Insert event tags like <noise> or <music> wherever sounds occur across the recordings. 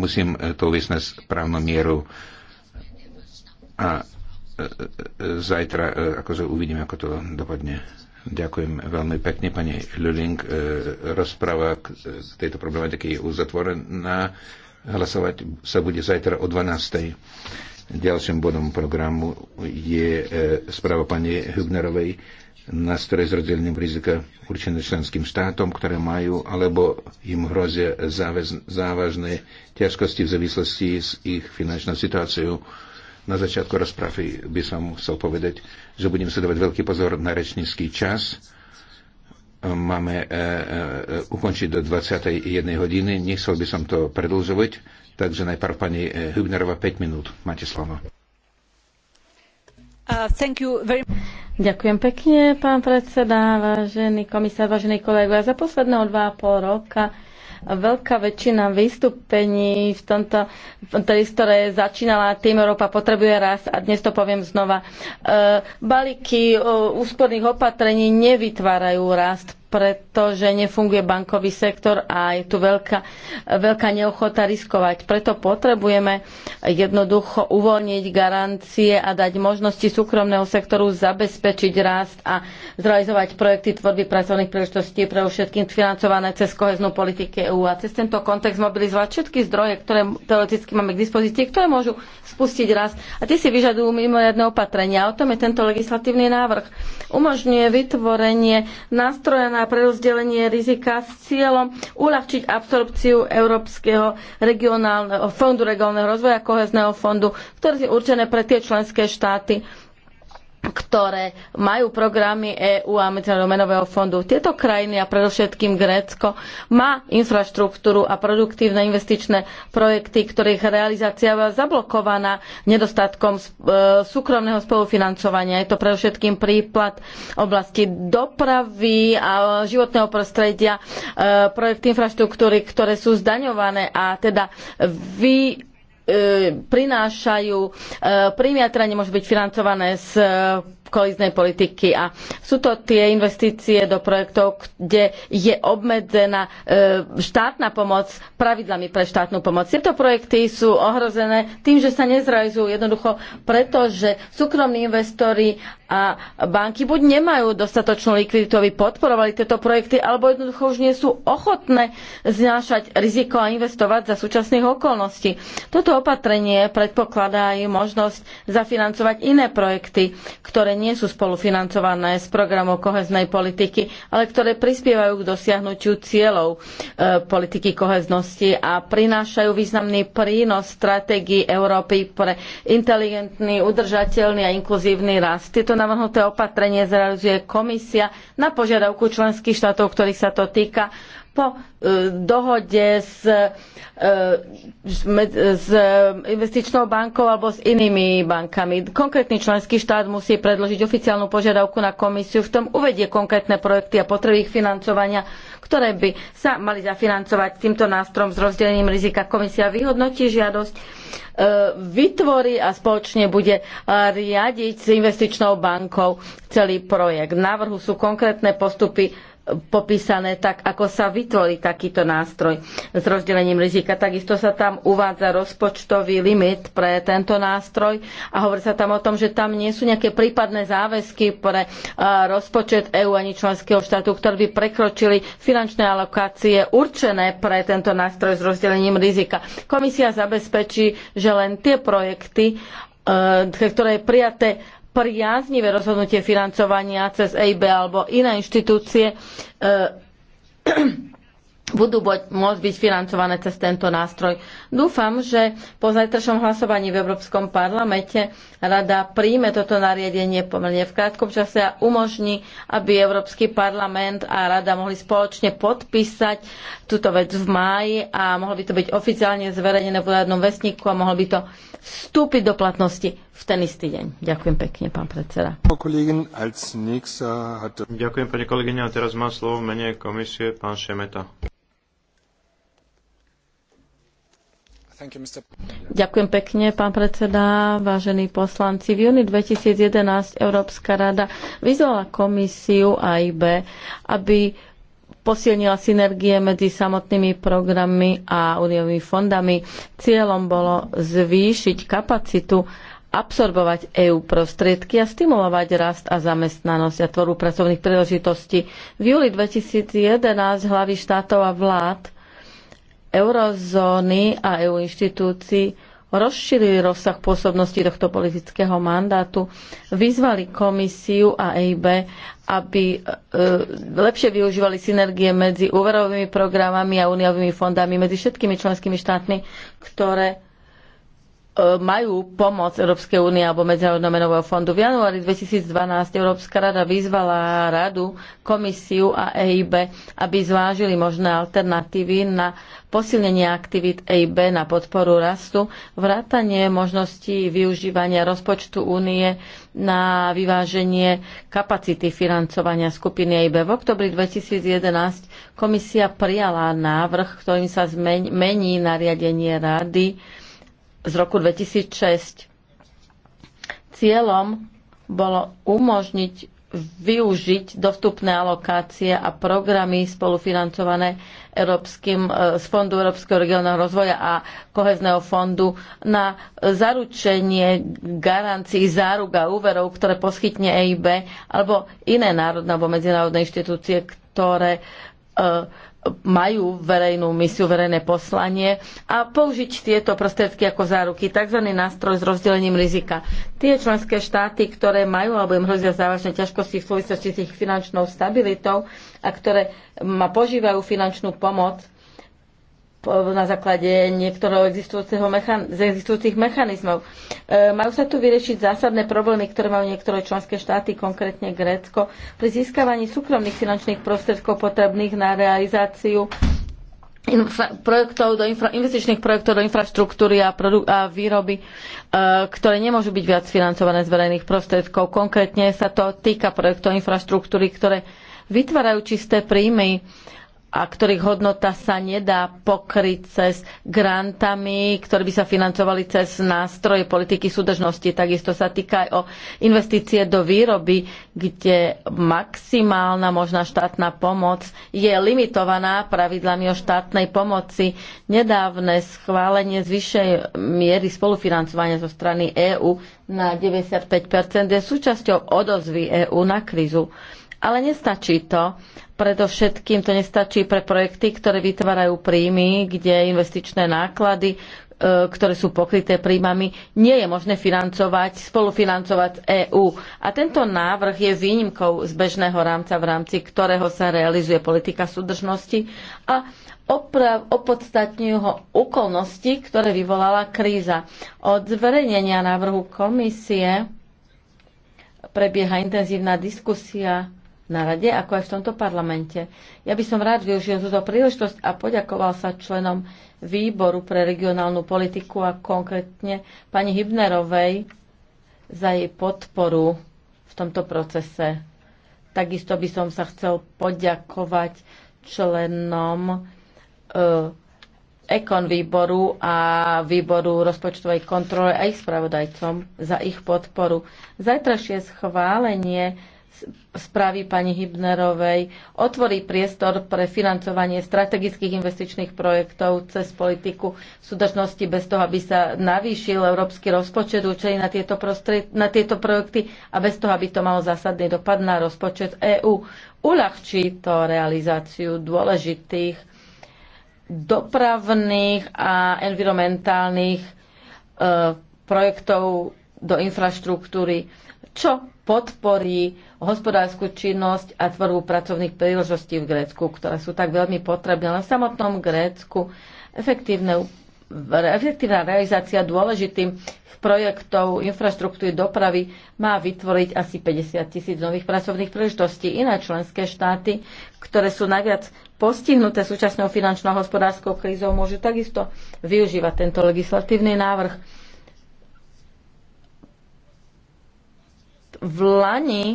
musím e, to uvieť na správnu mieru a e, e, zajtra akože uvidím ako to dopadne. Ďakujem veľmi pekne, pani Luling. Rozpráva k tejto problematike je uzatvorená. Hlasovať sa bude zajtra o 12. Ďalším bodom programu je správa pani Hübnerovej nástroje s rozdelením rizika určené členským štátom, ktoré majú alebo im hrozia záväz, závažné ťažkosti v závislosti s ich finančnou situáciou. Na začiatku rozpravy by som chcel povedať, že budem sa dávať veľký pozor na rečnícky čas. Máme e, e, e ukončiť do 21 hodiny. Nechcel by som to predlžovať, takže najprv pani e, Hübnerová 5 minút. Máte slovo. Uh, Ďakujem pekne, pán predseda, vážený komisár, vážený kolegovia. Za posledného dva a pol roka veľká väčšina vystúpení v tomto, ktoré začínala tým Európa potrebuje raz a dnes to poviem znova. E, balíky e, úsporných opatrení nevytvárajú rast pretože nefunguje bankový sektor a je tu veľká, veľká neochota riskovať. Preto potrebujeme jednoducho uvoľniť garancie a dať možnosti súkromného sektoru zabezpečiť rast a zrealizovať projekty tvorby pracovných príležitostí pre všetkým financované cez koheznú politiku EÚ a cez tento kontext mobilizovať všetky zdroje, ktoré teoreticky máme k dispozícii, ktoré môžu spustiť rast. A tie si vyžadujú mimoriadne opatrenia. O tom je tento legislatívny návrh. Umožňuje vytvorenie nástroja na na prerozdelenie rizika s cieľom uľahčiť absorpciu Európskeho regionálneho, fondu regionálneho rozvoja kohezného fondu, ktoré je určené pre tie členské štáty, ktoré majú programy EÚ a Medzinárodného menového fondu. Tieto krajiny a predovšetkým Grécko má infraštruktúru a produktívne investičné projekty, ktorých realizácia bola zablokovaná nedostatkom e, súkromného spolufinancovania. Je to predovšetkým prípad oblasti dopravy a životného prostredia, e, projekty infraštruktúry, ktoré sú zdaňované a teda vy E, prinášajú. E, Primiatranie teda môže byť financované z kolíznej politiky. A sú to tie investície do projektov, kde je obmedzená e, štátna pomoc pravidlami pre štátnu pomoc. Tieto projekty sú ohrozené tým, že sa nezrealizujú jednoducho preto, že súkromní investori a banky buď nemajú dostatočnú likviditu, aby podporovali tieto projekty, alebo jednoducho už nie sú ochotné znášať riziko a investovať za súčasných okolností. Toto opatrenie predpokladá aj možnosť zafinancovať iné projekty, ktoré nie sú spolufinancované z programov koheznej politiky, ale ktoré prispievajú k dosiahnutiu cieľov e, politiky koheznosti a prinášajú významný prínos stratégii Európy pre inteligentný, udržateľný a inkluzívny rast. Tieto navrhnuté opatrenie zrealizuje komisia na požiadavku členských štátov, ktorých sa to týka po e, dohode s, e, s investičnou bankou alebo s inými bankami. Konkrétny členský štát musí predložiť oficiálnu požiadavku na komisiu, v tom uvedie konkrétne projekty a potreby ich financovania, ktoré by sa mali zafinancovať týmto nástrom s rozdelením rizika. Komisia vyhodnotí žiadosť, e, vytvorí a spoločne bude riadiť s investičnou bankou celý projekt. V návrhu sú konkrétne postupy popísané tak, ako sa vytvorí takýto nástroj s rozdelením rizika. Takisto sa tam uvádza rozpočtový limit pre tento nástroj a hovorí sa tam o tom, že tam nie sú nejaké prípadné záväzky pre eh, rozpočet EÚ ani členského štátu, ktoré by prekročili finančné alokácie určené pre tento nástroj s rozdelením rizika. Komisia zabezpečí, že len tie projekty, eh, ktoré je prijaté priaznivé rozhodnutie financovania cez EIB alebo iné inštitúcie e budú môcť byť financované cez tento nástroj. Dúfam, že po zajtršom hlasovaní v Európskom parlamente Rada príjme toto nariadenie pomerne v krátkom čase a umožní, aby Európsky parlament a Rada mohli spoločne podpísať túto vec v máji a mohlo by to byť oficiálne zverejnené v úradnom vestníku a mohlo by to vstúpiť do platnosti v ten istý deň. Ďakujem pekne, pán predseda. Ďakujem, pani kolegyňa. A teraz má slovo v mene komisie pán Šemeta. Ďakujem pekne, pán predseda, vážení poslanci. V júni 2011 Európska rada vyzvala komisiu a AIB, aby posilnila synergie medzi samotnými programmi a úniovými fondami. Cieľom bolo zvýšiť kapacitu absorbovať EÚ prostriedky a stimulovať rast a zamestnanosť a tvorbu pracovných príležitostí. V júli 2011 hlavy štátov a vlád eurozóny a EU inštitúcií rozšírili rozsah pôsobnosti tohto politického mandátu, vyzvali komisiu a EIB, aby e, lepšie využívali synergie medzi úverovými programami a úniovými fondami, medzi všetkými členskými štátmi, ktoré E, majú pomoc Európskej únie alebo Medzinárodného menového fondu. V januári 2012 Európska rada vyzvala radu, komisiu a EIB, aby zvážili možné alternatívy na posilnenie aktivít EIB na podporu rastu, vrátanie možností využívania rozpočtu únie na vyváženie kapacity financovania skupiny EIB. V oktobri 2011 komisia prijala návrh, ktorým sa zmení, mení nariadenie rady z roku 2006. Cieľom bolo umožniť využiť dostupné alokácie a programy spolufinancované Európskym, e, z Fondu Európskeho regionálneho rozvoja a kohezného fondu na zaručenie garancií záruk a úverov, ktoré poskytne EIB alebo iné národné alebo medzinárodné inštitúcie, ktoré uh, majú verejnú misiu, verejné poslanie a použiť tieto prostriedky ako záruky, tzv. nástroj s rozdelením rizika. Tie členské štáty, ktoré majú alebo im hrozia závažné ťažkosti v súvislosti s ich finančnou stabilitou a ktoré ma požívajú finančnú pomoc, na základe niektorého existujúceho mechan- z existujúcich mechanizmov. E, majú sa tu vyriešiť zásadné problémy, ktoré majú niektoré členské štáty, konkrétne Grécko, pri získavaní súkromných finančných prostriedkov potrebných na realizáciu infra- projektov do infra- investičných projektov do infraštruktúry a, produ- a výroby, e, ktoré nemôžu byť viac financované z verejných prostriedkov. Konkrétne sa to týka projektov infraštruktúry, ktoré vytvárajú čisté príjmy a ktorých hodnota sa nedá pokryť cez grantami, ktoré by sa financovali cez nástroje politiky súdržnosti. Takisto sa týka aj o investície do výroby, kde maximálna možná štátna pomoc je limitovaná pravidlami o štátnej pomoci. Nedávne schválenie vyššej miery spolufinancovania zo strany EÚ na 95% je súčasťou odozvy EÚ na krízu. Ale nestačí to. Predovšetkým to nestačí pre projekty, ktoré vytvárajú príjmy, kde investičné náklady, e, ktoré sú pokryté príjmami, nie je možné financovať, spolufinancovať EÚ. A tento návrh je výnimkou z bežného rámca, v rámci ktorého sa realizuje politika súdržnosti a oprav, opodstatňujú ho okolnosti, ktoré vyvolala kríza. Od zverejnenia návrhu komisie prebieha intenzívna diskusia na rade, ako aj v tomto parlamente. Ja by som rád využil túto príležitosť a poďakoval sa členom výboru pre regionálnu politiku a konkrétne pani Hybnerovej za jej podporu v tomto procese. Takisto by som sa chcel poďakovať členom e, Ekon výboru a výboru rozpočtovej kontroly a ich spravodajcom za ich podporu. Zajtrašie schválenie správy pani Hybnerovej otvorí priestor pre financovanie strategických investičných projektov cez politiku v súdržnosti bez toho, aby sa navýšil európsky rozpočet určený na tieto, prostred, na tieto projekty a bez toho, aby to malo zásadný dopad na rozpočet EÚ. Uľahčí to realizáciu dôležitých dopravných a environmentálnych e, projektov do infraštruktúry čo podporí hospodárskú činnosť a tvorbu pracovných príležostí v Grécku, ktoré sú tak veľmi potrebné. Na samotnom Grécku efektívne, efektívna realizácia dôležitých projektov infraštruktúry dopravy má vytvoriť asi 50 tisíc nových pracovných príležitostí. Iné členské štáty, ktoré sú najviac postihnuté súčasnou finančnou a hospodárskou krízou, môžu takisto využívať tento legislatívny návrh v Lani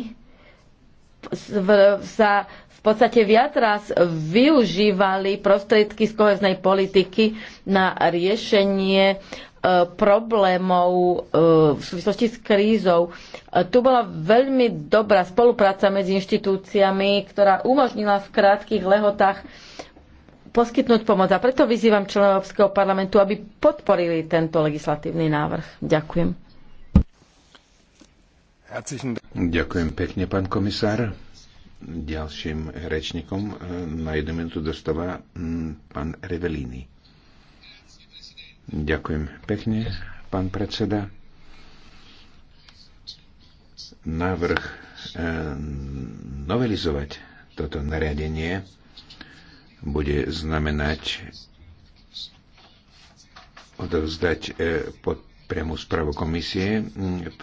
sa v podstate viac raz využívali prostriedky z koheznej politiky na riešenie e, problémov e, v súvislosti s krízou. E, tu bola veľmi dobrá spolupráca medzi inštitúciami, ktorá umožnila v krátkých lehotách poskytnúť pomoc. A preto vyzývam členov Európskeho parlamentu, aby podporili tento legislatívny návrh. Ďakujem. Ďakujem pekne, pán komisár. Ďalším rečníkom eh, na jednu minútu dostáva mm, pán Revelini. Ďakujem pekne, pán predseda. Návrh eh, novelizovať toto nariadenie bude znamenať odovzdať eh, pod priamu správu komisie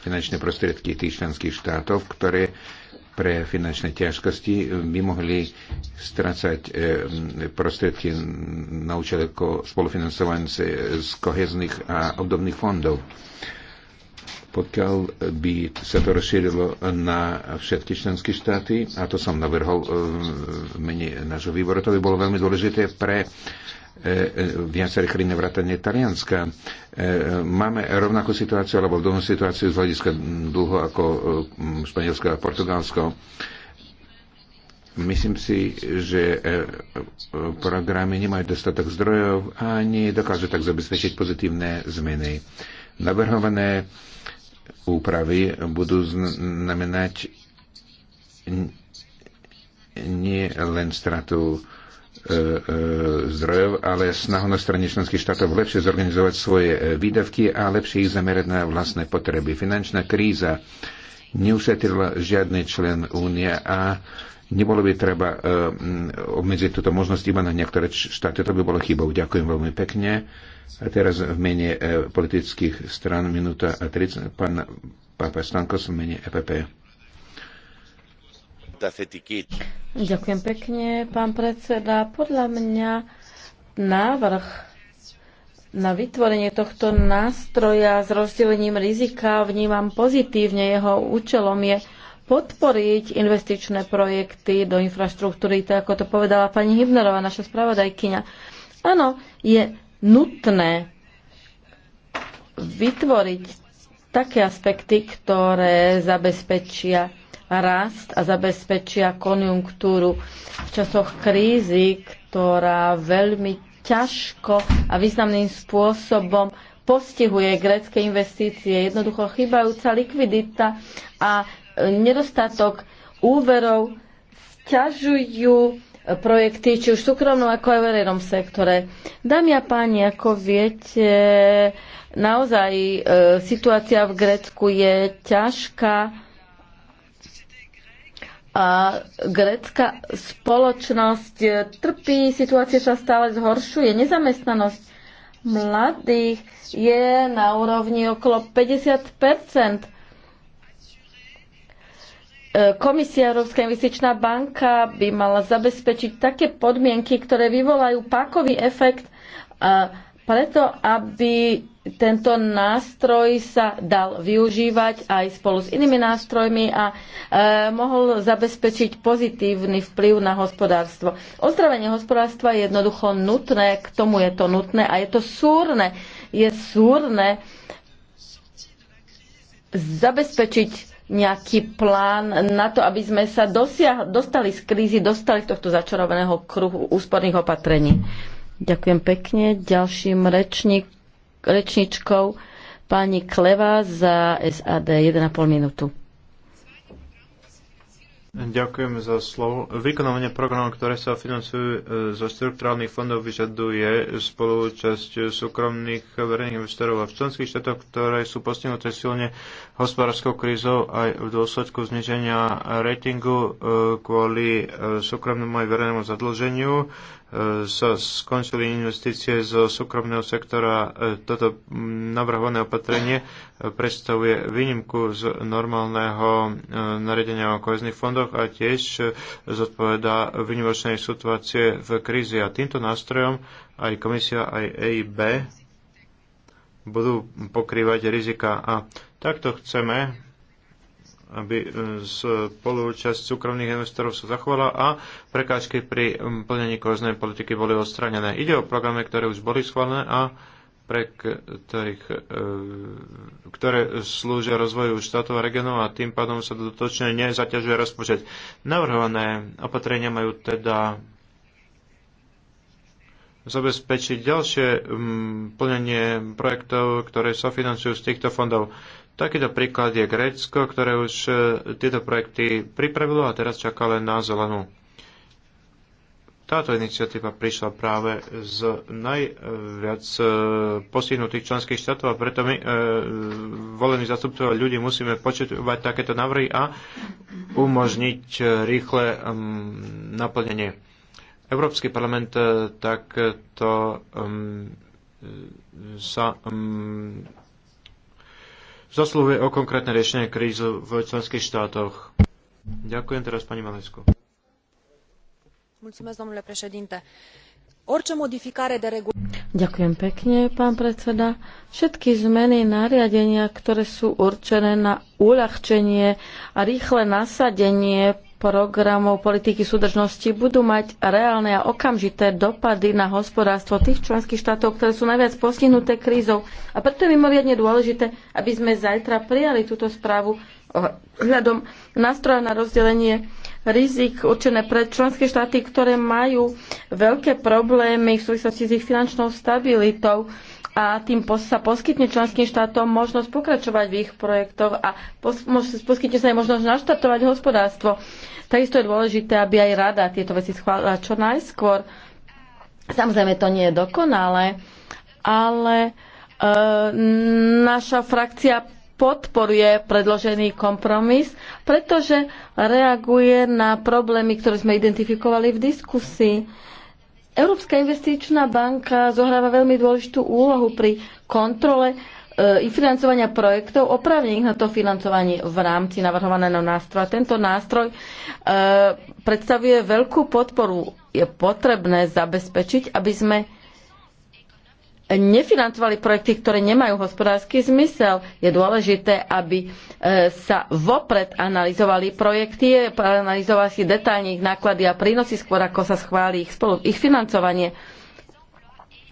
finančné prostriedky tých členských štátov, ktoré pre finančné ťažkosti by mohli strácať e, prostriedky na účel ako spolufinancovanie z kohezných a obdobných fondov pokiaľ by sa to rozšírilo na všetky členské štáty, a to som navrhol e, v mene nášho výboru, to by bolo veľmi dôležité pre e, viacerých krajín vrátane Talianska. E, máme rovnakú situáciu, alebo dlhú situáciu z hľadiska dlho ako Španielsko a Portugalsko. Myslím si, že programy nemajú dostatok zdrojov a nedokážu tak zabezpečiť pozitívne zmeny. Navrhované úpravy budú znamenať nie len stratu e, e, zdrojov, ale snahu na strane členských štátov lepšie zorganizovať svoje e, výdavky a lepšie ich zamerať na vlastné potreby. Finančná kríza neušetrila žiadny člen únie a Nebolo by treba e, obmedziť túto možnosť iba na niektoré štáty. To by bolo chybou. Ďakujem veľmi pekne. A teraz v mene e, politických stran minúta a 30. Pán Pápa Stankos v mene EPP. Ďakujem pekne, pán predseda. Podľa mňa návrh na vytvorenie tohto nástroja s rozdelením rizika vnímam pozitívne. Jeho účelom je podporiť investičné projekty do infraštruktúry, tak ako to povedala pani Hybnerová, naša spravodajkyňa. Áno, je nutné vytvoriť také aspekty, ktoré zabezpečia rast a zabezpečia konjunktúru v časoch krízy, ktorá veľmi ťažko a významným spôsobom postihuje grécke investície. Jednoducho chýbajúca likvidita a nedostatok úverov sťažujú projekty, či už v súkromnom ako aj verejnom sektore. Dámy a páni, ako viete, naozaj e, situácia v Grécku je ťažká a grécka spoločnosť e, trpí, situácia sa stále zhoršuje, nezamestnanosť mladých je na úrovni okolo 50 Komisia Európska investičná banka by mala zabezpečiť také podmienky, ktoré vyvolajú pákový efekt a preto, aby tento nástroj sa dal využívať aj spolu s inými nástrojmi a e, mohol zabezpečiť pozitívny vplyv na hospodárstvo. Ozdravenie hospodárstva je jednoducho nutné, k tomu je to nutné a je to súrne. Je súrne zabezpečiť nejaký plán na to, aby sme sa dosiah- dostali z krízy, dostali z tohto začarovaného kruhu úsporných opatrení. Ďakujem pekne. Ďalším rečník, rečničkou pani Kleva za SAD 1,5 minútu. Ďakujem za slovo. Vykonávanie programov, ktoré sa financujú e, zo štruktúrálnych fondov, vyžaduje spolúčasť súkromných verejných investorov a v členských štátoch, ktoré sú postihnuté silne hospodárskou krízou aj v dôsledku zniženia ratingu e, kvôli e, súkromnému aj verejnému zadlženiu sa skončili investície zo súkromného sektora. E, toto navrhované opatrenie predstavuje výnimku z normálneho e, naredenia o kohezných fondoch a tiež zodpovedá výnimočnej situácie v krízi. A týmto nástrojom aj komisia, aj EIB budú pokrývať rizika. A takto chceme aby e, spoluúčasť súkromných investorov sa zachovala a prekážky pri plnení koznej politiky boli odstranené. Ide o programy, ktoré už boli schválené a pre ktorých, e, ktoré slúžia rozvoju štátov a regionov a tým pádom sa dotočne nezaťažuje rozpočet. Navrhované opatrenia majú teda zabezpečiť ďalšie plnenie projektov, ktoré sa financujú z týchto fondov. Takýto príklad je Grécko, ktoré už e, tieto projekty pripravilo a teraz čaká len na zelenú. Táto iniciatíva prišla práve z najviac e, postihnutých členských štátov a preto my, e, volení zastupcov ľudí, musíme počúvať takéto návrhy a umožniť e, rýchle naplnenie. Európsky parlament takto um, sa um, zasluhuje o konkrétne riešenie krízu v členských štátoch. Ďakujem teraz pani Malesku. Ďakujem pekne, pán predseda. Všetky zmeny nariadenia, ktoré sú určené na uľahčenie a rýchle nasadenie programov politiky súdržnosti budú mať reálne a okamžité dopady na hospodárstvo tých členských štátov, ktoré sú najviac postihnuté krízou. A preto je mimoriadne dôležité, aby sme zajtra prijali túto správu hľadom nástroja na rozdelenie rizik určené pre členské štáty, ktoré majú veľké problémy v súvislosti s ich finančnou stabilitou a tým sa poskytne členským štátom možnosť pokračovať v ich projektoch a poskytne sa aj možnosť naštartovať hospodárstvo. Takisto je dôležité, aby aj rada tieto veci schválila čo najskôr. Samozrejme, to nie je dokonalé, ale e, naša frakcia podporuje predložený kompromis, pretože reaguje na problémy, ktoré sme identifikovali v diskusii. Európska investičná banka zohráva veľmi dôležitú úlohu pri kontrole i e, financovania projektov ich na to financovanie v rámci navrhovaného nástroja. Tento nástroj e, predstavuje veľkú podporu. Je potrebné zabezpečiť, aby sme nefinancovali projekty, ktoré nemajú hospodársky zmysel. Je dôležité, aby e, sa vopred analyzovali projekty, e, analyzovali si detailne ich náklady a prínosy skôr, ako sa schváli ich, spolu, ich financovanie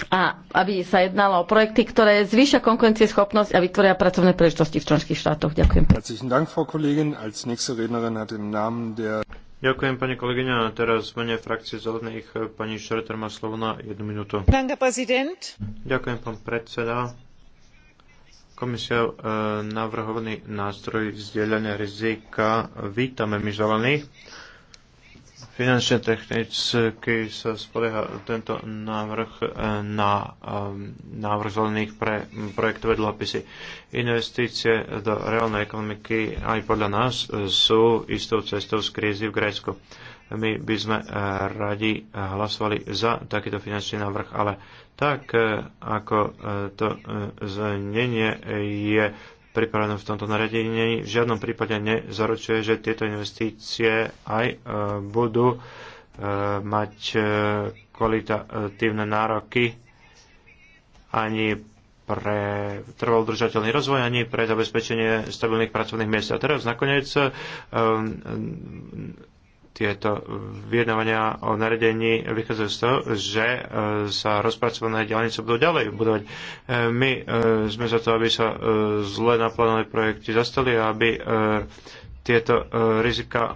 a aby sa jednalo o projekty, ktoré zvýšia konkurencieschopnosť a vytvoria pracovné príležitosti v členských štátoch. Ďakujem. Ďakujem, pani kolegyňa. teraz v mene frakcie zelených pani Šreter má slovo na jednu minútu. Ďakujem, pán predseda. Komisia e, navrhovaný nástroj zdieľania rizika vítame my zelených Finančne technicky sa spolieha tento návrh eh, na eh, návrh zelených pre projektové dlhopisy. Investície do reálnej ekonomiky aj podľa nás sú istou cestou z krízy v Grécku. My by sme eh, radi hlasovali za takýto finančný návrh, ale tak, ako to znenie je pripravené v tomto nariadení v žiadnom prípade nezaručuje, že tieto investície aj e, budú e, mať e, kvalitatívne nároky ani pre trvalodržateľný rozvoj, ani pre zabezpečenie stabilných pracovných miest. A teraz nakoniec tieto vyjednávania o naredení vychádzajú z toho, že e, sa rozpracované diálnice budú ďalej budovať. E, my e, sme za to, aby sa zle naplánované projekty zastali a aby tieto rizika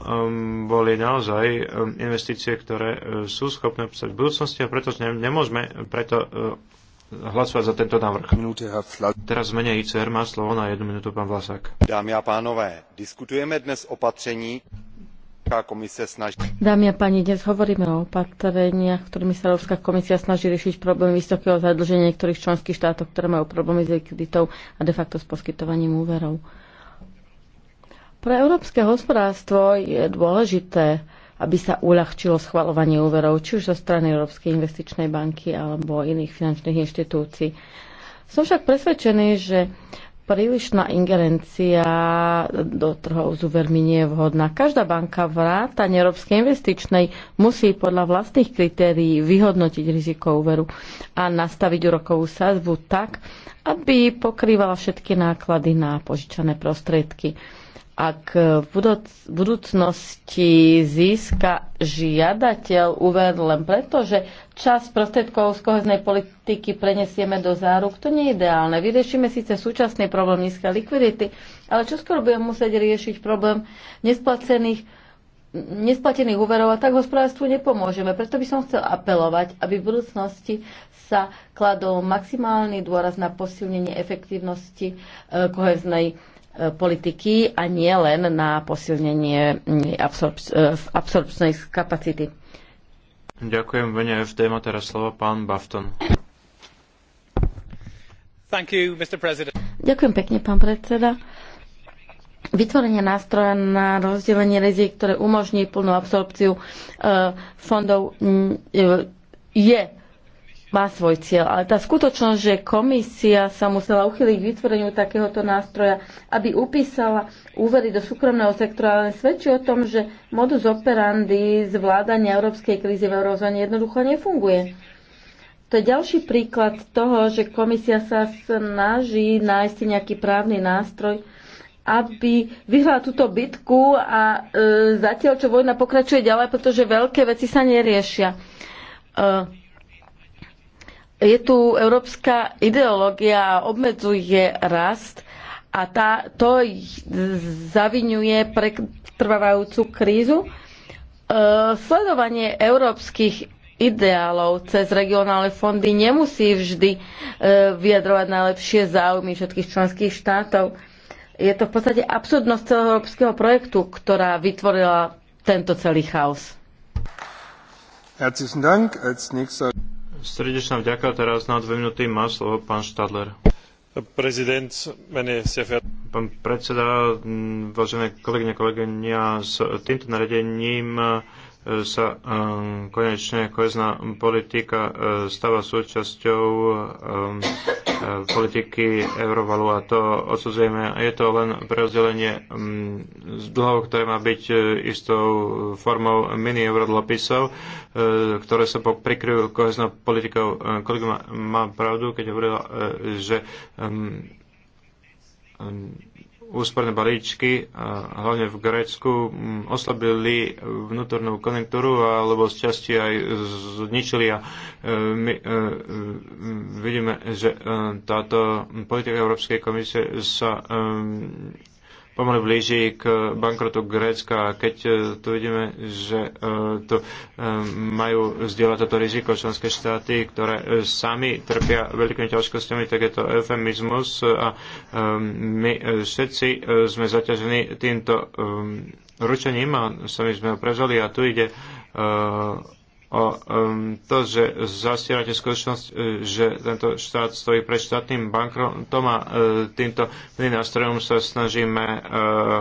boli naozaj investície, ktoré sú schopné obstať v budúcnosti a preto nemôžeme preto hlasovať za tento návrh. Teraz zmenia ICR má slovo na jednu minútu pán Vlasák. Dámy a pánové, diskutujeme dnes opatření. Dámy a páni, dnes hovoríme o opatreniach, ktorými sa Európska komisia snaží riešiť problém vysokého zadlženia niektorých členských štátov, ktoré majú problémy s likviditou a de facto s poskytovaním úverov. Pre európske hospodárstvo je dôležité, aby sa uľahčilo schvalovanie úverov, či už zo strany Európskej investičnej banky alebo iných finančných inštitúcií. Som však presvedčený, že Prílišná ingerencia do trhov s úvermi nie je vhodná. Každá banka vrátane Európskej investičnej musí podľa vlastných kritérií vyhodnotiť riziko úveru a nastaviť úrokovú sadzbu tak, aby pokrývala všetky náklady na požičané prostriedky ak v budúcnosti získa žiadateľ úver len preto, že čas prostriedkov z koheznej politiky prenesieme do záruk, to nie je ideálne. Vyriešime síce súčasný problém nízkej likvidity, ale čo skoro budeme musieť riešiť problém nesplacených nesplatených úverov a tak hospodárstvu nepomôžeme. Preto by som chcel apelovať, aby v budúcnosti sa kladol maximálny dôraz na posilnenie efektívnosti eh, koheznej politiky a nie len na posilnenie mm, e, absorpčnej kapacity. Ďakujem, Vene FD má teraz slovo pán Bafton. Thank you, Mr. President. Ďakujem pekne, pán predseda. Vytvorenie nástroja na rozdelenie rizik, ktoré umožní plnú absorpciu e, fondov, e, je má svoj cieľ. Ale tá skutočnosť, že komisia sa musela uchyliť k vytvoreniu takéhoto nástroja, aby upísala úvery do súkromného sektora, ale svedčí o tom, že modus operandi zvládania európskej krízy v eurozóne jednoducho nefunguje. To je ďalší príklad toho, že komisia sa snaží nájsť nejaký právny nástroj, aby vyhrala túto bitku a e, zatiaľ, čo vojna pokračuje ďalej, pretože veľké veci sa neriešia. E, je tu európska ideológia a obmedzuje rast a tá, to zavinuje pretrvávajúcu krízu. E, sledovanie európskych ideálov cez regionálne fondy nemusí vždy e, vyjadrovať najlepšie záujmy všetkých členských štátov. Je to v podstate absurdnosť celého európskeho projektu, ktorá vytvorila tento celý chaos. Herzlichen Dank. Als nächster Srdečná vďaka teraz na dve minúty má slovo pán Štadler. Pán predseda, vážené kolegyne, kolegyňa, s týmto nariadením sa um, konečne kohezná politika uh, stáva súčasťou um, uh, politiky Eurovalu a to odsudzujeme. Je to len um, z dlhov, ktoré má byť uh, istou formou mini eurodlopisov, ktoré sa prikryjú koheznou politikou. Kolega má pravdu, keď hovorila, že úsporné balíčky, hlavne v Grécku, oslabili vnútornú konjunktúru alebo z časti aj zničili a e, my e, vidíme, že e, táto politika Európskej komisie sa pomaly blíži k bankrotu Grécka. a Keď e, tu vidíme, že e, tu e, majú zdieľať toto riziko členské štáty, ktoré sami trpia veľkými ťažkosťami, tak je to eufemizmus a my všetci sme zaťažení týmto ručením a sami sme ho prežali a tu ide o um, to, že zastierate skutočnosť, e, že tento štát stojí pred štátnym bankrotom a e, uh, týmto nástrojom sa snažíme uh,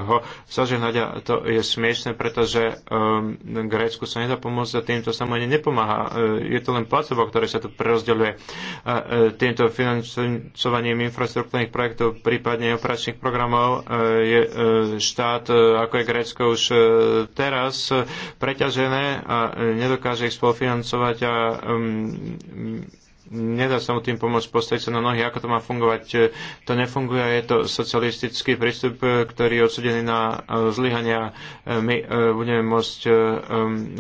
ho zažehnať a to je smiešne, pretože um, Grécku sa nedá pomôcť a týmto sa mu ani nepomáha. Uh, je to len placebo, ktoré sa tu prerozdeľuje uh, týmto financovaním infraštruktúrnych projektov, prípadne operačných programov uh, je uh, štát, uh, ako je Grécko už uh, teraz, uh, preťažené a uh, nedokáže ich spolufinancovať a um, nedá sa mu tým pomôcť postaviť sa na nohy, ako to má fungovať. E, to nefunguje je to socialistický prístup, e, ktorý je odsudený na e, zlyhania. My budeme môcť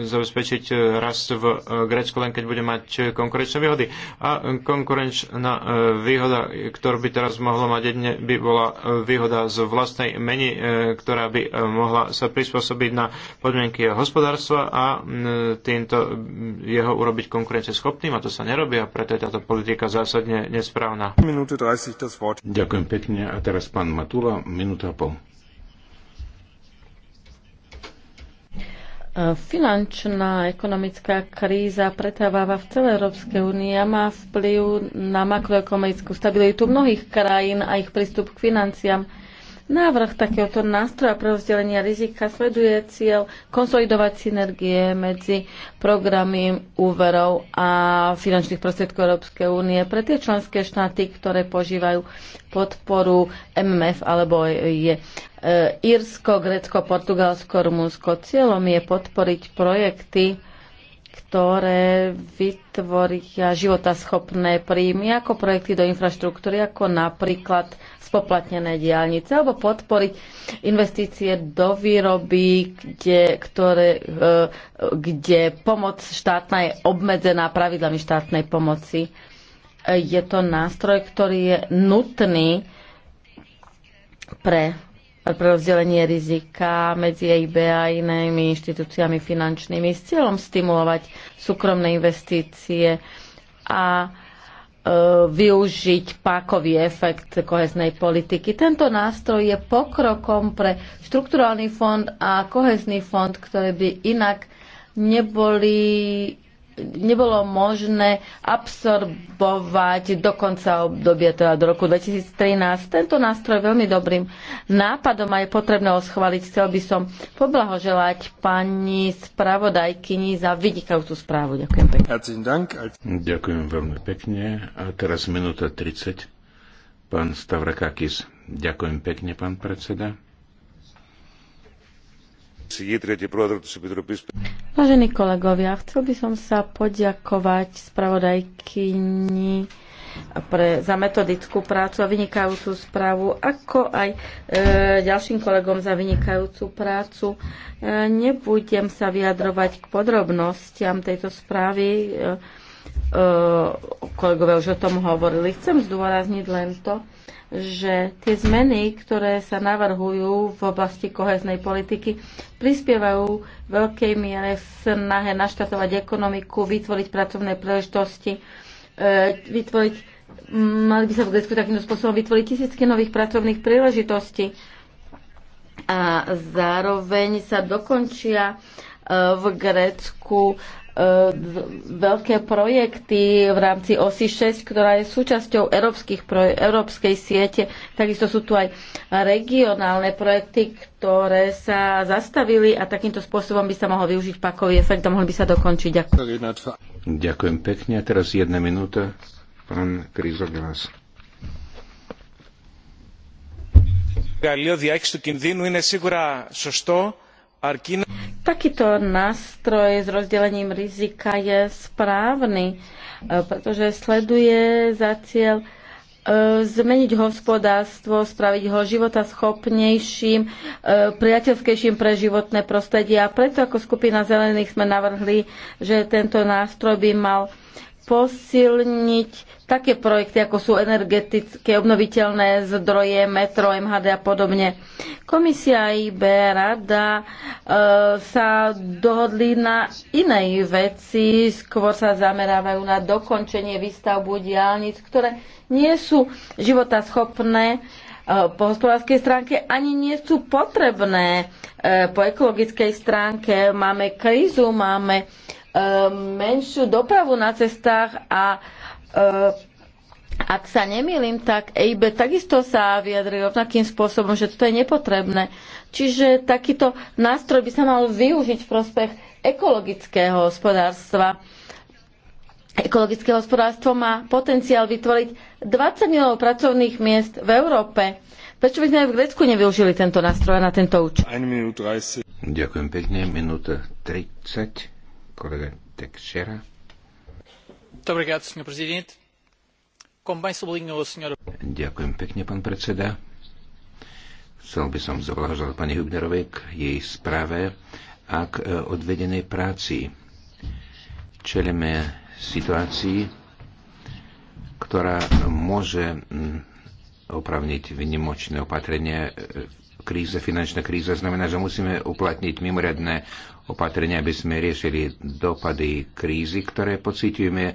zabezpečiť rast v Grécku len keď bude mať konkurenčné výhody. A konkurenčná výhoda, ktorú by teraz mohlo mať jedne, by bola výhoda z vlastnej meni, ktorá by mohla sa prispôsobiť na podmienky hospodárstva a týmto jeho urobiť konkurenceschopným a to sa nerobí a preto je táto politika zásadne nesprávna. Ďakujem pekne. A teraz pán Matula, minúta a pol. E, finančná ekonomická kríza pretrváva v celej Európskej únii a má vplyv na makroekonomickú stabilitu mnohých krajín a ich prístup k financiám. Návrh takéhoto nástroja pre rozdelenia rizika sleduje cieľ konsolidovať synergie medzi programy úverov a finančných prostriedkov Európskej únie pre tie členské štáty, ktoré požívajú podporu MMF alebo je e, Írsko, Grécko, Portugalsko, Rumunsko. Cieľom je podporiť projekty ktoré vytvoria životaschopné príjmy ako projekty do infraštruktúry, ako napríklad spoplatnené diálnice, alebo podporiť investície do výroby, kde, ktoré, e, kde pomoc štátna je obmedzená pravidlami štátnej pomoci. E, je to nástroj, ktorý je nutný pre pre rozdelenie rizika medzi EIB a inými inštitúciami finančnými s cieľom stimulovať súkromné investície a e, využiť pákový efekt koheznej politiky. Tento nástroj je pokrokom pre štrukturálny fond a kohezný fond, ktoré by inak neboli nebolo možné absorbovať do konca obdobia, teda do roku 2013. Tento nástroj veľmi dobrým nápadom a je potrebné ho schváliť. Chcel by som poblahoželať pani spravodajkyni za vynikajúcu správu. Ďakujem pekne. Ďakujem veľmi pekne. A teraz minúta 30. Pán Stavrakakis. Ďakujem pekne, pán predseda. Vážení kolegovia, chcel by som sa poďakovať spravodajkyni pre, za metodickú prácu a vynikajúcu správu, ako aj e, ďalším kolegom za vynikajúcu prácu. E, nebudem sa vyjadrovať k podrobnostiam tejto správy. E, e, kolegovia už o tom hovorili. Chcem zdôrazniť len to, že tie zmeny, ktoré sa navrhujú v oblasti koheznej politiky, prispievajú v veľkej miere snahe naštartovať ekonomiku, vytvoriť pracovné príležitosti, e, vytvoriť, mali by sa v Grécku takýmto spôsobom vytvoriť tisícky nových pracovných príležitostí a zároveň sa dokončia e, v Grécku E, veľké projekty v rámci OSI 6, ktorá je súčasťou proje- európskej siete. Takisto sú tu aj regionálne projekty, ktoré sa zastavili a takýmto spôsobom by sa mohol využiť pakový efekt a mohli by sa dokončiť. Ďakujem. Ďakujem pekne. teraz jedna minúta. Pán Krizo, Εργαλείο διάχυση του κινδύνου είναι σίγουρα σωστό, αρκεί Takýto nástroj s rozdelením rizika je správny, e, pretože sleduje za cieľ e, zmeniť hospodárstvo, spraviť ho života schopnejším, e, priateľskejším pre životné prostredie. A preto ako skupina zelených sme navrhli, že tento nástroj by mal posilniť také projekty, ako sú energetické, obnoviteľné zdroje, metro, MHD a podobne. Komisia IB rada e, sa dohodli na inej veci, skôr sa zamerávajú na dokončenie výstavbu diálnic, ktoré nie sú e, po hospodárskej stránke ani nie sú potrebné. E, po ekologickej stránke máme krízu, máme Ehm, menšiu dopravu na cestách a ehm, ak sa nemýlim, tak EIB takisto sa vyjadri rovnakým spôsobom, že toto je nepotrebné. Čiže takýto nástroj by sa mal využiť v prospech ekologického hospodárstva. Ekologické hospodárstvo má potenciál vytvoriť 20 miliónov pracovných miest v Európe. Prečo by sme aj v Grécku nevyužili tento nástroj na tento účel? Ďakujem pekne, minúta 30 kolega Teixeira. Ďakujem pekne, pán predseda. Chcel by som zablahoželať pani Hübnerovej k jej správe a k e, odvedenej práci. Čelíme situácii, ktorá môže opravniť vynimočné opatrenie e, kríze, finančná kríza, znamená, že musíme uplatniť mimoriadne opatrenia, aby sme riešili dopady krízy, ktoré pocitujeme e,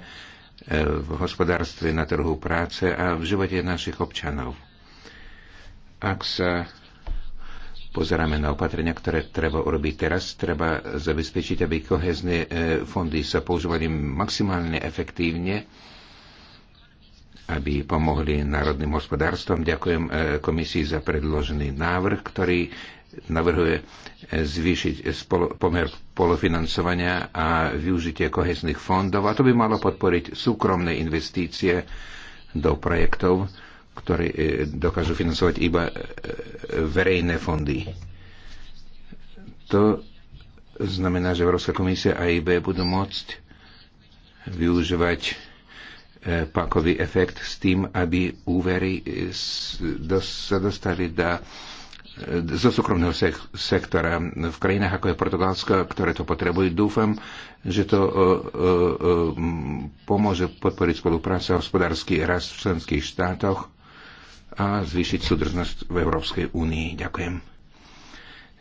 v hospodárstve, na trhu práce a v živote našich občanov. Ak sa pozeráme na opatrenia, ktoré treba urobiť teraz, treba zabezpečiť, aby kohezné e, fondy sa používali maximálne efektívne, aby pomohli národným hospodárstvom. Ďakujem e, komisii za predložený návrh, ktorý navrhuje zvýšiť spolo, pomer polofinancovania a využitie kohezných fondov a to by malo podporiť súkromné investície do projektov, ktoré e, dokážu financovať iba e, verejné fondy. To znamená, že Európska komisia a IB budú môcť využívať e, pakový efekt s tým, aby úvery sa dostali do zo súkromného sek- sektora v krajinách ako je Portugalsko, ktoré to potrebujú. Dúfam, že to uh, uh, uh, pomôže podporiť spoluprácu a hospodársky rast v členských štátoch a zvýšiť súdržnosť v Európskej únii. Ďakujem.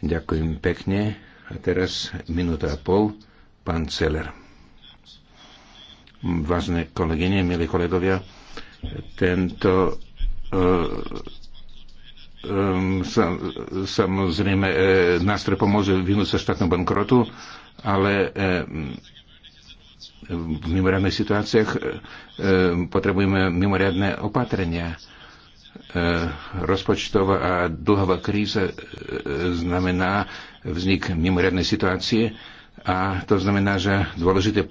Ďakujem pekne. A teraz minúta a pol. Pán Celer. Vážne kolegyne, milí kolegovia, tento e, Ehm, samozrejme e, nástroj pomôže vyhnúť sa štátnom bankrotu, ale e, v mimoriadnych situáciách e, potrebujeme mimoriadné opatrenia. Rozpočtová a dlhová kríza znamená vznik mimoriadnej situácie a to znamená, že dôležité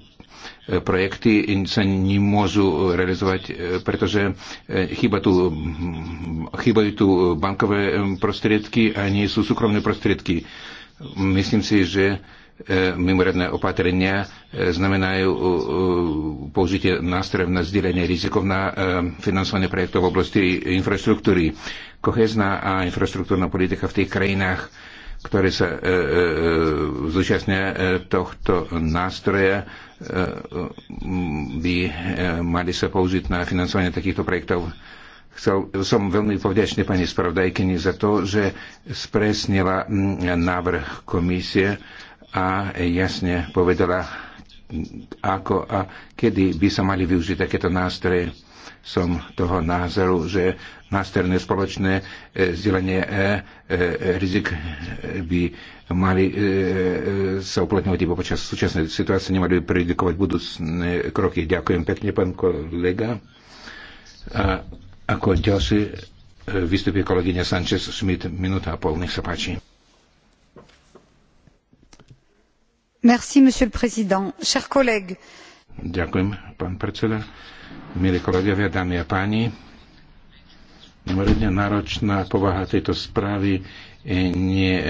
projekty sa nemôžu realizovať, e, pretože e, chýba tu, mm, chýbajú tu bankové e, prostriedky a nie sú súkromné prostriedky. Myslím si, že mimoriadné opatrenia znamenajú použitie nástrojov na zdieľanie rizikov na financovanie projektov v oblasti infraštruktúry. Kohezná a infraštruktúrna politika v tých krajinách, ktoré sa zúčastnia tohto nástroja, E, by e, mali sa použiť na financovanie takýchto projektov. Chcel, som veľmi povďačný pani spravodajkyni za to, že spresnila návrh komisie a jasne povedala, ako a kedy by sa mali využiť takéto nástroje. Som toho názoru, že nástojné spoločné e, zdieľanie e, e, rizik by mali sa uplatňovať iba počas súčasnej situácie, nemali by predikovať budúcné kroky. Ďakujem pekne, pán kolega. A ako ďalší vystupí kolegyňa Sanchez Schmidt, minúta a pol, nech sa páči. Merci, monsieur le président. Chers collègues. Ďakujem, pán predseda. Milí kolegovia, dámy a páni mimoriadne náročná povaha tejto správy e, nie e,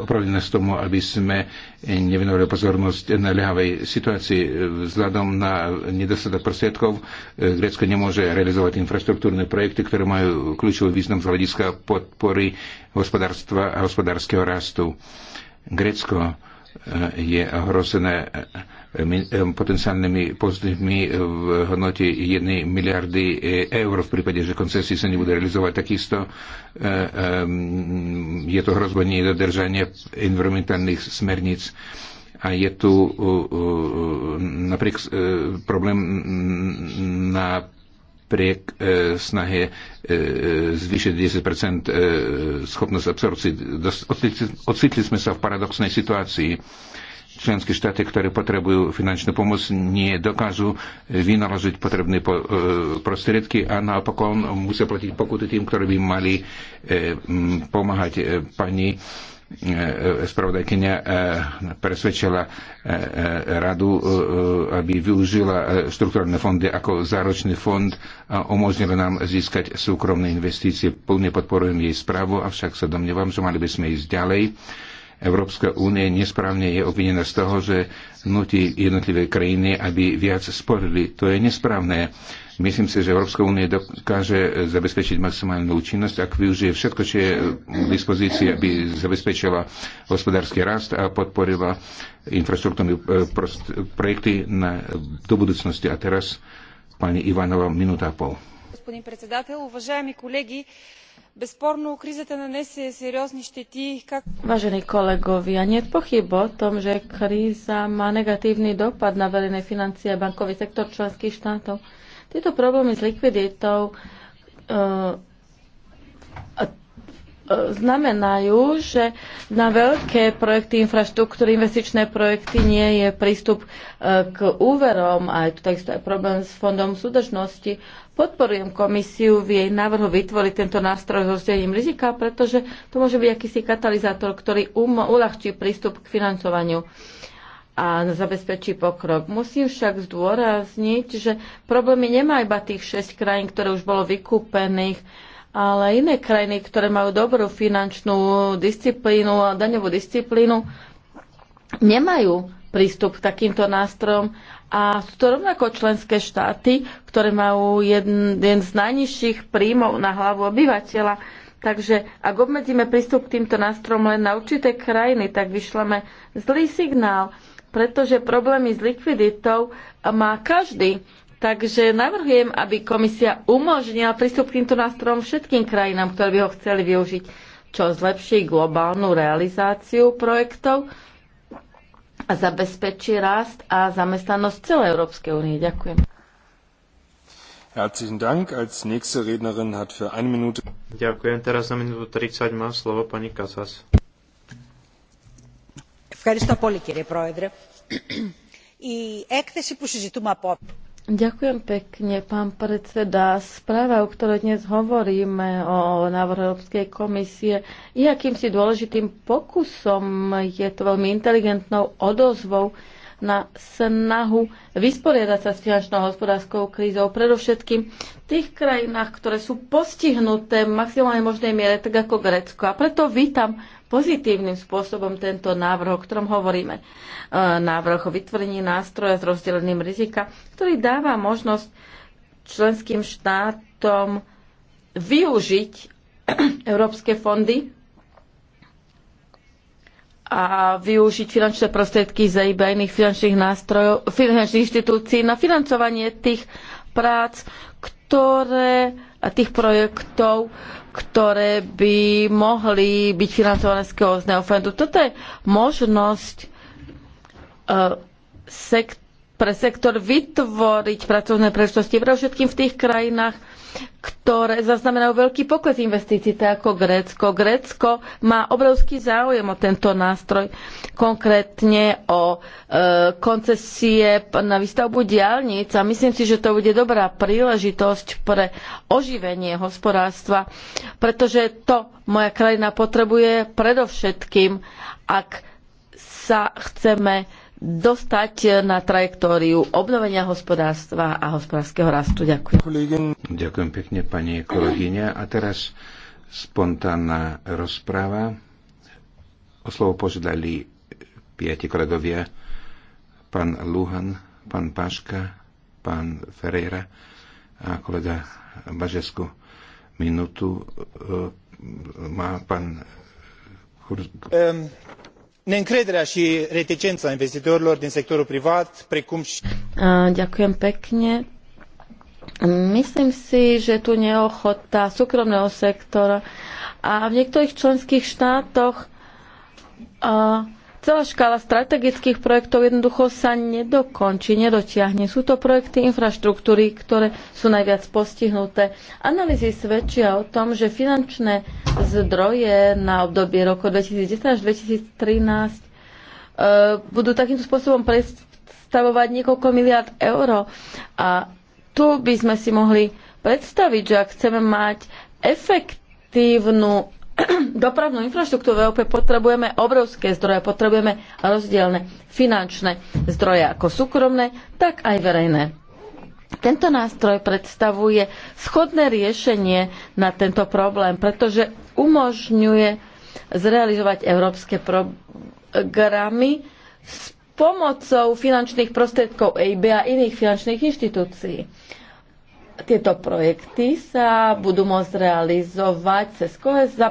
opravnená z tomu, aby sme e, nevenovali pozornosť na ľahavej situácii. Vzhľadom na nedostatok prostriedkov Grécko nemôže realizovať infraštruktúrne projekty, ktoré majú kľúčový význam z hľadiska podpory hospodárstva a hospodárskeho rastu. Grécko je hrozené eh, eh, potenciálnymi pozitívmi eh, v hodnote 1 miliardy eur v prípade, že koncesie sa nebude realizovať. Takisto je to hrozba nedodržania environmentálnych smerníc a je tu napriek problém mm, na napriek e, snahe e, e zvýšiť 10 e, schopnosť absorcii. Ocitli sme sa v paradoxnej situácii. Členské štáty, ktoré potrebujú finančnú pomoc, nie dokážu e, vynaložiť potrebné po, e, prostriedky a naopak musia platiť pokuty tým, ktorí by mali e, m, pomáhať e, pani e, E, e, spravodajkynia e, presvedčila radu, aby využila štruktúrne fondy ako záročný fond a umožnila nám získať súkromné investície. Plne podporujem jej správu, avšak sa domnievam, že mali by sme ísť ďalej. Európska únie nesprávne je obvinená z toho, že nutí jednotlivé krajiny, aby viac sporili. To je nesprávne Myslím si, že Európska únie dokáže zabezpečiť maximálnu účinnosť, ak využije všetko, čo je v dispozícii, aby zabezpečila hospodársky rast a podporila infraštruktúrne e, projekty na, do budúcnosti. A teraz pani Ivanova, minúta a pol. Господин председател, уважаеми колеги, Безспорно, кризата нанесе сериозни щети. Как... Vážení колегови, а нет o tom, že kríza má negatívny dopad na verejné financie a bankový sektor členských štátov. Tieto problémy s likviditou eh, eh, znamenajú, že na veľké projekty infraštruktúry, investičné projekty nie je prístup eh, k úverom a je tu takisto aj problém s Fondom súdržnosti. Podporujem komisiu v jej návrhu vytvoriť tento nástroj s rozdením rizika, pretože to môže byť akýsi katalizátor, ktorý um, uľahčí prístup k financovaniu a zabezpečí pokrok. Musím však zdôrazniť, že problémy nemá iba tých 6 krajín, ktoré už bolo vykúpených, ale iné krajiny, ktoré majú dobrú finančnú disciplínu a daňovú disciplínu, nemajú prístup k takýmto nástrojom a sú to rovnako členské štáty, ktoré majú jeden, z najnižších príjmov na hlavu obyvateľa. Takže ak obmedzíme prístup k týmto nástrojom len na určité krajiny, tak vyšleme zlý signál pretože problémy s likviditou má každý. Takže navrhujem, aby komisia umožnila prístup k týmto nástrojom všetkým krajinám, ktoré by ho chceli využiť, čo zlepší globálnu realizáciu projektov a zabezpečí rast a zamestnanosť celej Európskej únie. Ďakujem. Herzlichen Dank. Als nächste Rednerin hat für eine Minute. Ďakujem. Teraz na minútu 30 má slovo pani Kasas. Ďakujem pekne, pán predseda. Správa, o ktorej dnes hovoríme, o návrhu Európskej komisie, je akýmsi dôležitým pokusom, je to veľmi inteligentnou odozvou na snahu vysporiadať sa s finančnou hospodárskou krízou, predovšetkým v tých krajinách, ktoré sú postihnuté v maximálnej možnej miere, tak ako Grécko. A preto vítam pozitívnym spôsobom tento návrh, o ktorom hovoríme. E, návrh o vytvorení nástroja s rozdelením rizika, ktorý dáva možnosť členským štátom využiť <clears throat> európske fondy a využiť finančné prostriedky z iba iných finančných nástrojov, finančných inštitúcií na financovanie tých prác, ktoré a tých projektov, ktoré by mohli byť financované z kohozného fondu. Toto je možnosť uh, eh, sektora pre sektor vytvoriť pracovné príležitosti, predovšetkým v tých krajinách, ktoré zaznamenajú veľký pokles investícií, tak ako Grécko. Grécko má obrovský záujem o tento nástroj, konkrétne o e, koncesie na výstavbu diálnic a myslím si, že to bude dobrá príležitosť pre oživenie hospodárstva, pretože to moja krajina potrebuje predovšetkým, ak sa chceme dostať na trajektóriu obnovenia hospodárstva a hospodárskeho rastu. Ďakujem. Ďakujem pekne, pani kolegyňa. A teraz spontánna rozpráva. O slovo požiadali piati kolegovia. Pán Luhan, pán Paška, pán Ferreira a kolega Bažesku. Minútu e, má pán neîncrederea i reticena investitorilor din sectorul privat precum i Ďakujem pekne. Myslím si, že tu neochota súkromného sektora a v niektorých členských štátoch uh, celá škála strategických projektov jednoducho sa nedokončí, nedotiahne. Sú to projekty infraštruktúry, ktoré sú najviac postihnuté. Analýzy svedčia o tom, že finančné zdroje na obdobie roku 2010 až 2013 e, budú takýmto spôsobom predstavovať niekoľko miliard eur. A tu by sme si mohli predstaviť, že ak chceme mať efektívnu <clears throat> dopravnú infraštruktúru v Európe potrebujeme obrovské zdroje, potrebujeme rozdielne finančné zdroje ako súkromné, tak aj verejné. Tento nástroj predstavuje schodné riešenie na tento problém, pretože umožňuje zrealizovať európske programy s pomocou finančných prostriedkov EIB a iných finančných inštitúcií tieto projekty sa budú môcť realizovať cez za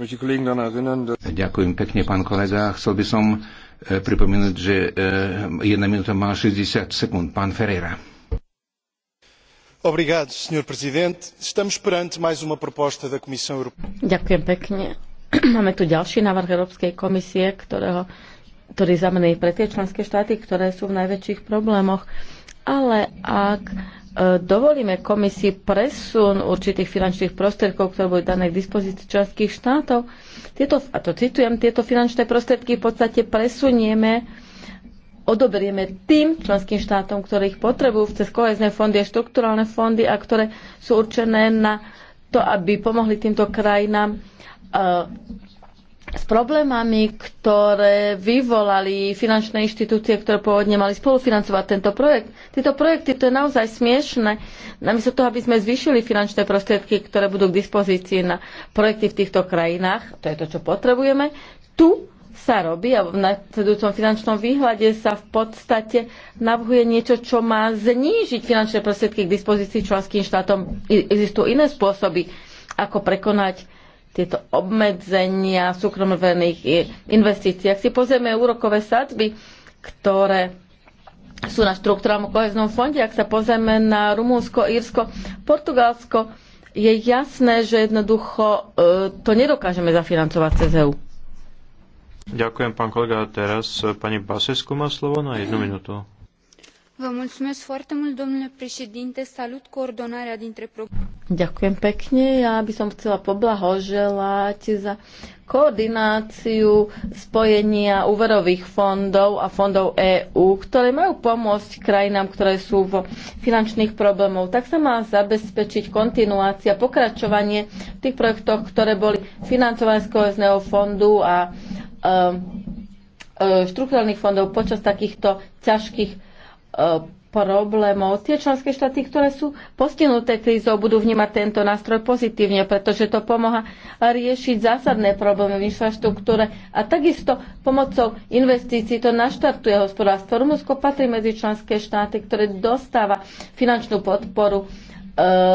Ďakujem pekne, pán kolega. Chcel by som eh, pripomenúť, že eh, jedna minúta má 60 sekúnd. Pán Ferreira. Obrigado, Sr. Presidente. Estamos perante mais uma proposta da Comissão Europeia. Ďakujem pekne. <clears throat> Máme tu ďalší návrh Európskej komisie, ktorého, ktorý zamení pre tie členské štáty, ktoré sú v najväčších problémoch. Ale ak dovolíme komisii presun určitých finančných prostriedkov, ktoré boli dané k dispozícii členských štátov, tieto, a to citujem, tieto finančné prostriedky v podstate presunieme, odoberieme tým členským štátom, ktoré ich potrebujú cez kohezné fondy a štrukturálne fondy a ktoré sú určené na to, aby pomohli týmto krajinám s problémami, ktoré vyvolali finančné inštitúcie, ktoré pôvodne mali spolufinancovať tento projekt. Tieto projekty, to je naozaj smiešne. Namiesto toho, aby sme zvýšili finančné prostriedky, ktoré budú k dispozícii na projekty v týchto krajinách, to je to, čo potrebujeme, tu sa robí a v nasledujúcom finančnom výhľade sa v podstate navrhuje niečo, čo má znížiť finančné prostriedky k dispozícii členským štátom. Existujú iné spôsoby, ako prekonať tieto obmedzenia v súkromných investíciách. Si pozrieme úrokové sadzby, ktoré sú na štruktúrálnom koheznom fonde. Ak sa pozrieme na Rumúnsko, Írsko, Portugalsko, je jasné, že jednoducho e, to nedokážeme zafinancovať cez EU. Ďakujem, pán kolega. A teraz e, pani Basescu má slovo na jednu minútu. Vă mulțumesc foarte mult, domnule președinte. Salut coordonarea dintre Ďakujem pekne. Ja by som chcela poblahoželať za koordináciu spojenia úverových fondov a fondov EÚ, ktoré majú pomôcť krajinám, ktoré sú v finančných problémov. Tak sa má zabezpečiť kontinuácia, pokračovanie v tých projektoch, ktoré boli financované z kohezného fondu a e, e, štruktúrnych fondov počas takýchto ťažkých e, problémov. Tie členské štáty, ktoré sú postihnuté krízou, budú vnímať tento nástroj pozitívne, pretože to pomáha riešiť zásadné problémy v infraštruktúre a takisto pomocou investícií to naštartuje hospodárstvo. Rumunsko patrí medzi členské štáty, ktoré dostáva finančnú podporu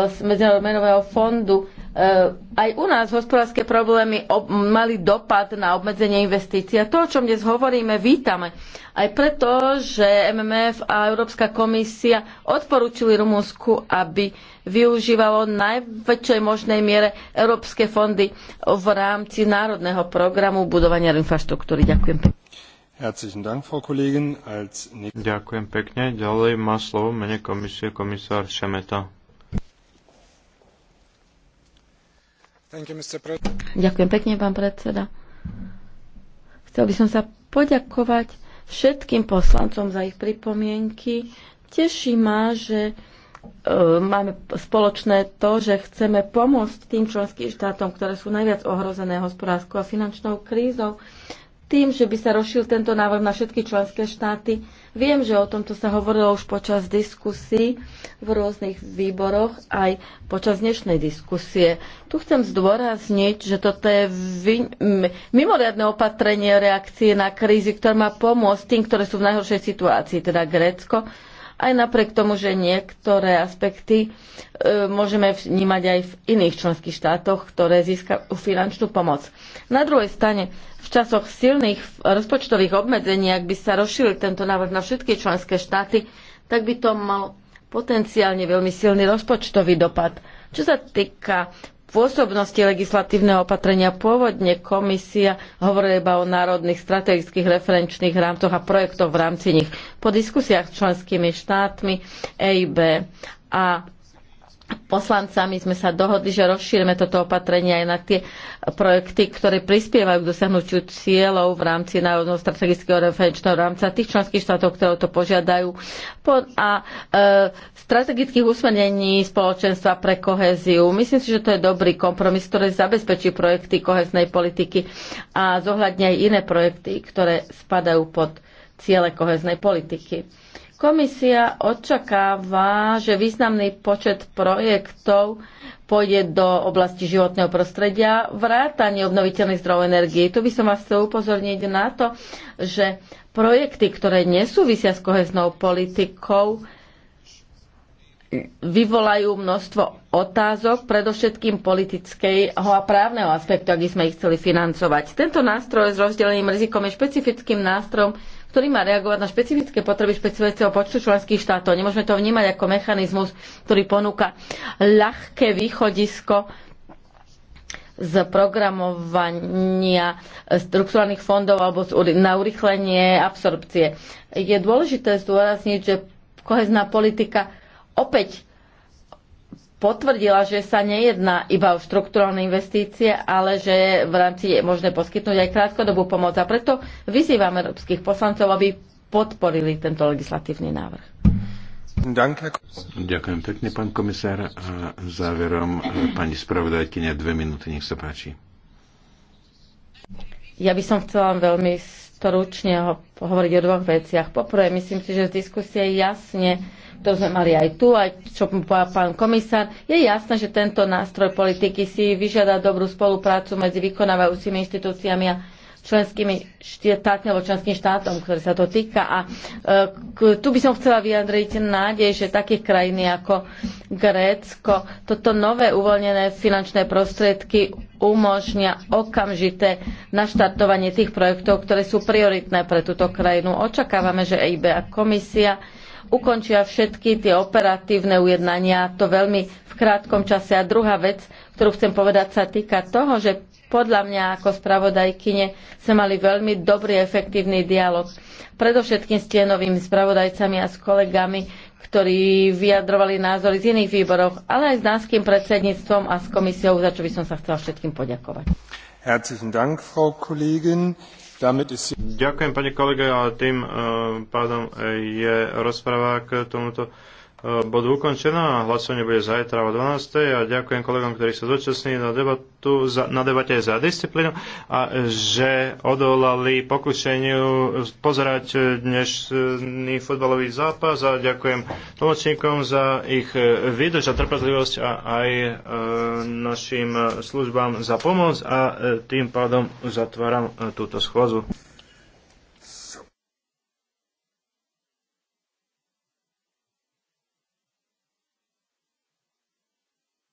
z Medzinárodného menového fondu. Eh, aj u nás hospodárske problémy mali dopad na obmedzenie investícií. A to, o čom dnes hovoríme, vítame. Aj preto, že MMF a Európska komisia odporúčili Rumunsku, aby využívalo najväčšej možnej miere európske fondy v rámci národného programu budovania infraštruktúry. Ďakujem pekne. Ďakujem pekne. Ďalej má slovo mene komisie komisár Šemeta. Ďakujem pekne, pán predseda. Chcel by som sa poďakovať všetkým poslancom za ich pripomienky. Teší ma, že e, máme spoločné to, že chceme pomôcť tým členským štátom, ktoré sú najviac ohrozené hospodárskou a finančnou krízou tým, že by sa rozšil tento návrh na všetky členské štáty. Viem, že o tomto sa hovorilo už počas diskusí v rôznych výboroch, aj počas dnešnej diskusie. Tu chcem zdôrazniť, že toto je vy... mimoriadne opatrenie reakcie na krízy, ktorá má pomôcť tým, ktoré sú v najhoršej situácii, teda Grécko, aj napriek tomu, že niektoré aspekty e, môžeme vnímať aj v iných členských štátoch, ktoré získajú finančnú pomoc. Na druhej strane, v časoch silných rozpočtových obmedzení, ak by sa rozšíril tento návrh na všetky členské štáty, tak by to mal potenciálne veľmi silný rozpočtový dopad. Čo sa týka pôsobnosti legislatívneho opatrenia pôvodne komisia hovorila iba o národných strategických referenčných rámcoch a projektoch v rámci nich. Po diskusiách s členskými štátmi EIB a poslancami sme sa dohodli, že rozšírime toto opatrenie aj na tie projekty, ktoré prispievajú k dosiahnutiu cieľov v rámci Národného strategického referenčného rámca tých členských štátov, ktoré to požiadajú a e, strategických usmernení spoločenstva pre koheziu. Myslím si, že to je dobrý kompromis, ktorý zabezpečí projekty koheznej politiky a zohľadne aj iné projekty, ktoré spadajú pod ciele koheznej politiky. Komisia očakáva, že významný počet projektov pôjde do oblasti životného prostredia, vrátanie obnoviteľných zdrojov energie. Tu by som vás chcel upozorniť na to, že projekty, ktoré nesúvisia s koheznou politikou, vyvolajú množstvo otázok, predovšetkým politického a právneho aspektu, ak by sme ich chceli financovať. Tento nástroj s rozdeleným rizikom je špecifickým nástrojom, ktorý má reagovať na špecifické potreby špecifického počtu členských štátov. Nemôžeme to vnímať ako mechanizmus, ktorý ponúka ľahké východisko z programovania strukturálnych fondov alebo na urychlenie absorpcie. Je dôležité zdôrazniť, že kohezná politika opäť potvrdila, že sa nejedná iba o štruktúralne investície, ale že v rámci je možné poskytnúť aj krátkodobú pomoc. A preto vyzývam európskych poslancov, aby podporili tento legislatívny návrh. Ďakujem pekne, pán komisár. A záverom e, pani spravodajkynia dve minúty, nech sa páči. Ja by som chcela veľmi stručne hovoriť o dvoch veciach. Poprvé, myslím si, že z diskusie jasne to sme mali aj tu, aj čo povedal pán komisár, je jasné, že tento nástroj politiky si vyžiada dobrú spoluprácu medzi vykonávajúcimi inštitúciami a členskými štátmi alebo členským štátom, ktoré sa to týka. A e, tu by som chcela vyjadriť nádej, že také krajiny ako Grécko toto nové uvoľnené finančné prostriedky umožnia okamžité naštartovanie tých projektov, ktoré sú prioritné pre túto krajinu. Očakávame, že EIB a komisia ukončia všetky tie operatívne ujednania, to veľmi v krátkom čase. A druhá vec, ktorú chcem povedať, sa týka toho, že podľa mňa ako spravodajkyne sme mali veľmi dobrý, efektívny dialog. Predovšetkým s tienovými spravodajcami a s kolegami, ktorí vyjadrovali názory z iných výborov, ale aj s dánskym predsedníctvom a s komisiou, za čo by som sa chcela všetkým poďakovať. Herzlichen Dank, Frau Kollegin. Ďakujem, pani kolega, a tým eh, pádom eh, je rozpráva k tomuto bodu ukončená a hlasovanie bude zajtra o 12. A ďakujem kolegom, ktorí sa zúčastnili na, debatu, za, na debate za disciplínu a že odolali pokušeniu pozerať dnešný futbalový zápas a ďakujem tlmočníkom za ich výdrž a trpezlivosť a aj e, našim službám za pomoc a e, tým pádom zatváram e, túto schôzu.